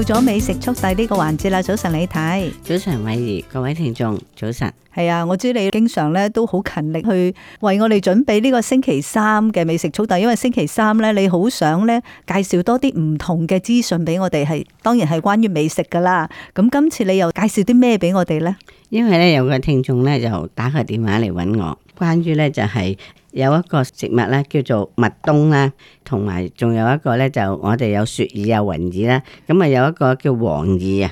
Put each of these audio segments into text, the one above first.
到咗美食速遞呢個環節啦，早晨李太，早晨偉儀，各位聽眾，早晨，係啊，我知你經常咧都好勤力去為我哋準備呢個星期三嘅美食速遞，因為星期三咧你好想咧介紹多啲唔同嘅資訊俾我哋，係當然係關於美食噶啦。咁今次你又介紹啲咩俾我哋咧？因為有個聽眾呢就打個電話嚟揾我，關於呢就係、是，有一個植物呢叫做麥冬啦，同埋仲有一個呢就我哋有雪耳有雲耳啦，咁啊有一個叫黃耳。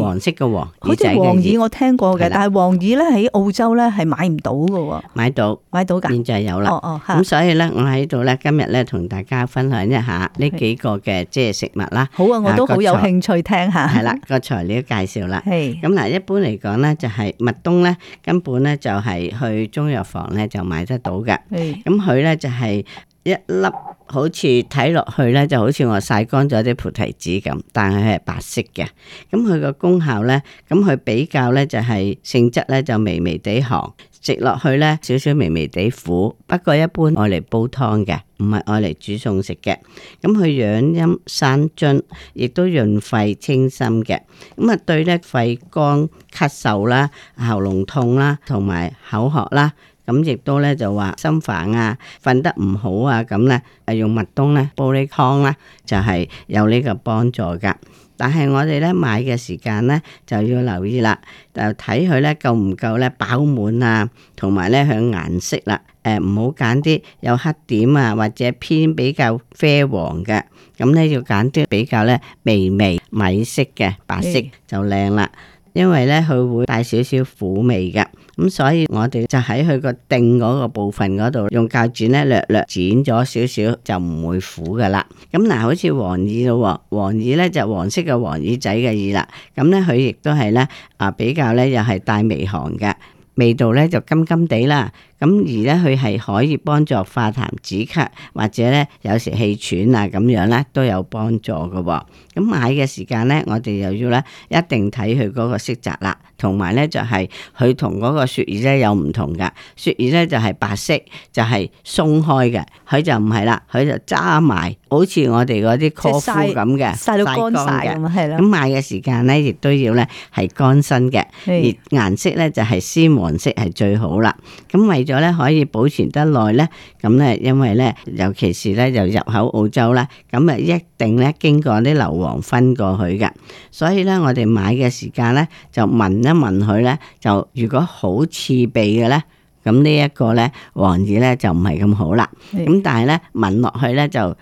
黃色嘅黃耳仔嘅耳，好似黃耳我聽過嘅，但係黃耳咧喺澳洲咧係買唔到嘅，買到，買到噶，現在有喇，咁所以咧我喺度咧今日咧同大家分享一下呢幾個嘅即係食物啦。好啊，我都好有興趣聽下。係啦，個材料介紹啦。係咁嗱，一般嚟講咧就係麥冬咧根本咧就係去中藥房咧就買得到嘅。係咁，佢咧就係一粒。好似睇落去咧，就好似我曬乾咗啲菩提子咁，但係佢係白色嘅。咁佢個功效咧，咁、嗯、佢比較咧就係性質咧就微微地寒，食落去咧少少微微地苦。不過一般愛嚟煲湯嘅，唔係愛嚟煮餸食嘅。咁、嗯、佢養陰生津，亦都潤肺清心嘅。咁、嗯、啊、嗯，對咧肺乾咳嗽啦、喉嚨痛啦，同埋口渴啦。咁亦都咧就話心煩啊、瞓得唔好啊，咁咧誒用麥冬咧煲啲湯啦，就係、是、有呢個幫助噶。但係我哋咧買嘅時間咧就要留意啦，就睇佢咧夠唔夠咧飽滿啊，同埋咧佢顏色啦，誒唔好揀啲有黑點啊或者偏比較啡黃嘅，咁咧要揀啲比較咧微微米色嘅白色、嗯、就靚啦。因為咧佢會帶少少苦味嘅，咁所以我哋就喺佢個定嗰個部分嗰度用鉸剪咧略略剪咗少少就唔會苦噶啦。咁嗱，好似黃耳喎、哦，黃耳咧就是、黃色嘅黃耳仔嘅耳啦。咁咧佢亦都係咧啊比較咧又係帶微寒嘅味道咧就甘甘地啦。咁而咧佢係可以幫助化痰止咳，或者咧有時氣喘啊咁樣咧都有幫助噶、哦。咁買嘅時間咧，我哋又要咧一定睇佢嗰個色澤啦，同埋咧就係佢同嗰個雪耳咧有唔同㗎，雪耳咧就係白色，就係、是、鬆開嘅，佢就唔係啦，佢就揸埋，好似我哋嗰啲柯夫咁嘅，曬到乾晒。咁咁的買嘅時間咧，亦都要咧係乾身嘅，的而顏色咧就係鮮黃色係最好啦。咁為咗咧可以保存得耐咧，咁咧因為咧尤其是咧就入口澳洲啦，咁啊一定咧經過啲流。分過去嘅，所以咧我哋買嘅時間咧就聞一聞佢咧，就如果好刺鼻嘅咧，咁呢一個咧黃耳咧就唔係咁好啦。咁但係咧聞落去咧就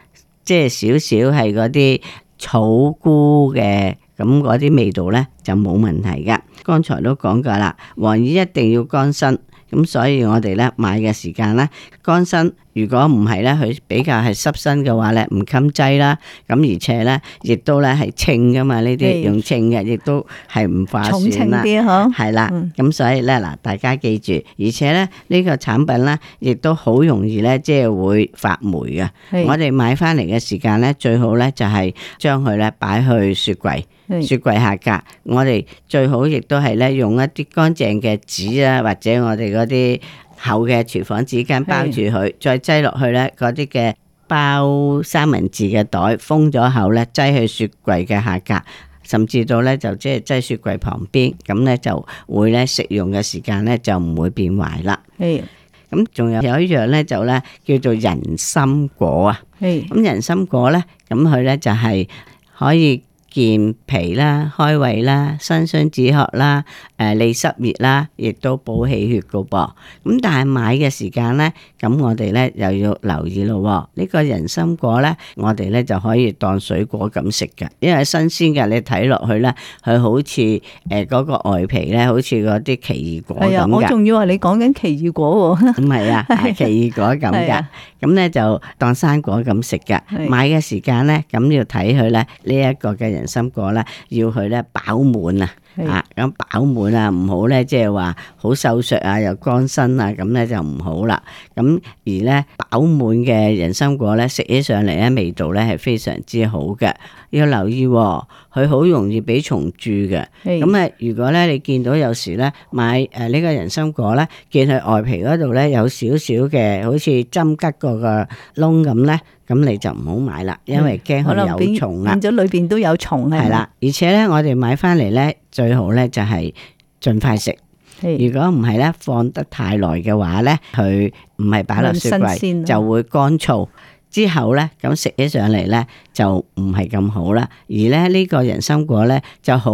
即係少少係嗰啲草菇嘅，咁嗰啲味道咧就冇問題㗎。剛才都講過啦，黃耳一定要乾身，咁所以我哋咧買嘅時間咧乾身。如果唔係咧，佢比較係濕身嘅話咧，唔襟擠啦。咁而且咧，亦都咧係稱噶嘛，呢啲用稱嘅，亦都係唔划算啦。係啦，咁所以咧嗱，大家記住，而且咧呢個產品咧，亦都好容易咧，即係會發黴呀。我哋買翻嚟嘅時間咧，最好咧就係將佢咧擺去雪櫃，雪櫃下格。我哋最好亦都係咧用一啲乾淨嘅紙啊，或者我哋嗰啲。厚嘅廚房紙巾包住佢，再擠落去咧嗰啲嘅包三文治嘅袋，封咗口咧，擠去雪櫃嘅下格，甚至到咧就即係擠雪櫃旁邊，咁咧就會咧食用嘅時間咧就唔會變壞啦。係是，咁仲有有一樣咧就咧叫做人心果啊。係是，咁人心果咧，咁佢咧就係可以。健脾啦、開胃啦、生津止渴啦，誒利濕熱啦，亦都補氣血噶噃。咁但係買嘅時間咧，咁我哋咧又要留意咯。呢個人參果咧，我哋咧就可以當水果咁食嘅，因為新鮮嘅你睇落去咧，佢好似誒嗰個外皮咧，好似嗰啲奇異果咁嘅。我仲以為你講緊奇異果喎，唔係啊，係奇異果咁嘅。咁咧就當生果咁食嘅。買嘅時間咧，咁要睇佢咧呢一個嘅。人心果啦，要去咧飽滿啊！啊，咁飽滿啊，唔好咧，即係話好瘦削啊，又乾身啊，咁咧就唔好啦。咁而咧飽滿嘅人心果咧，食起上嚟咧，味道咧係非常之好嘅。要留意，哦，佢好容易俾蟲蛀嘅。咁啊的，如果咧你見到有時咧買誒呢個人心果咧，見佢外皮嗰度咧有少少嘅好似針吉個個窿咁咧，咁你就唔好買啦，因為驚佢有蟲啊。變咗裏邊都有蟲係啦。而且咧，我哋買翻嚟咧。最好咧就係盡快食，是如果唔係咧放得太耐嘅話咧，佢唔係擺落雪櫃就會乾燥，啊、之後咧咁食起上嚟咧就唔係咁好啦。而咧呢、這個人參果咧就好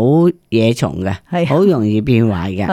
野蟲嘅，好、啊、容易變壞嘅。咁、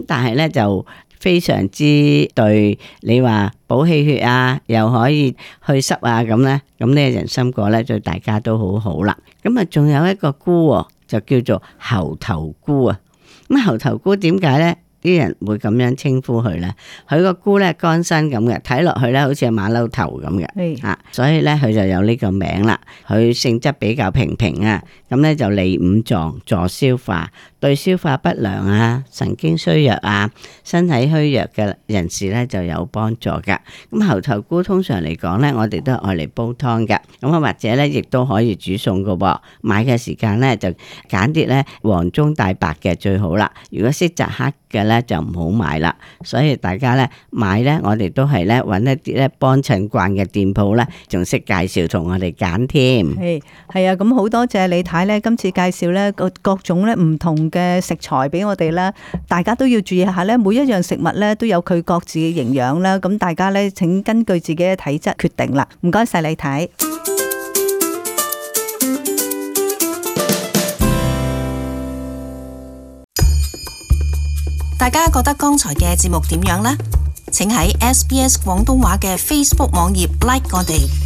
啊、但係咧就非常之對你話補氣血啊，又可以去濕啊，咁咧咁呢個人參果咧對大家都好好啦。咁啊仲有一個菇。就叫做猴頭菇啊！咁猴頭菇點解咧？啲人會咁樣稱呼佢咧？佢個菇咧乾身咁嘅，睇落去咧好似馬騮頭咁嘅，吓是、啊，所以咧佢就有呢個名啦。佢性質比較平平啊，咁咧就利五臟，助消化。對消化不良啊、神經衰弱啊、身體虛弱嘅人士呢就有幫助噶。咁猴頭菇通常嚟講呢，我哋都愛嚟煲湯噶。咁啊，或者呢，亦都可以煮餸噶。買嘅時間呢，就揀啲呢黃中帶白嘅最好啦。如果色澤黑嘅呢，就唔好買啦。所以大家呢，買呢，我哋都係呢，揾一啲呢幫襯慣嘅店鋪呢，仲識介紹同我哋揀添。係係啊，咁好多謝李太呢。今次介紹呢，各各種呢唔同。嘅食材俾我哋啦，大家都要注意下咧，每一樣食物咧都有佢各自嘅營養啦。咁大家咧，請根據自己嘅體質決定啦。唔該晒你睇。大家覺得剛才嘅節目點樣呢？請喺 SBS 廣東話嘅 Facebook 網頁 like 我哋。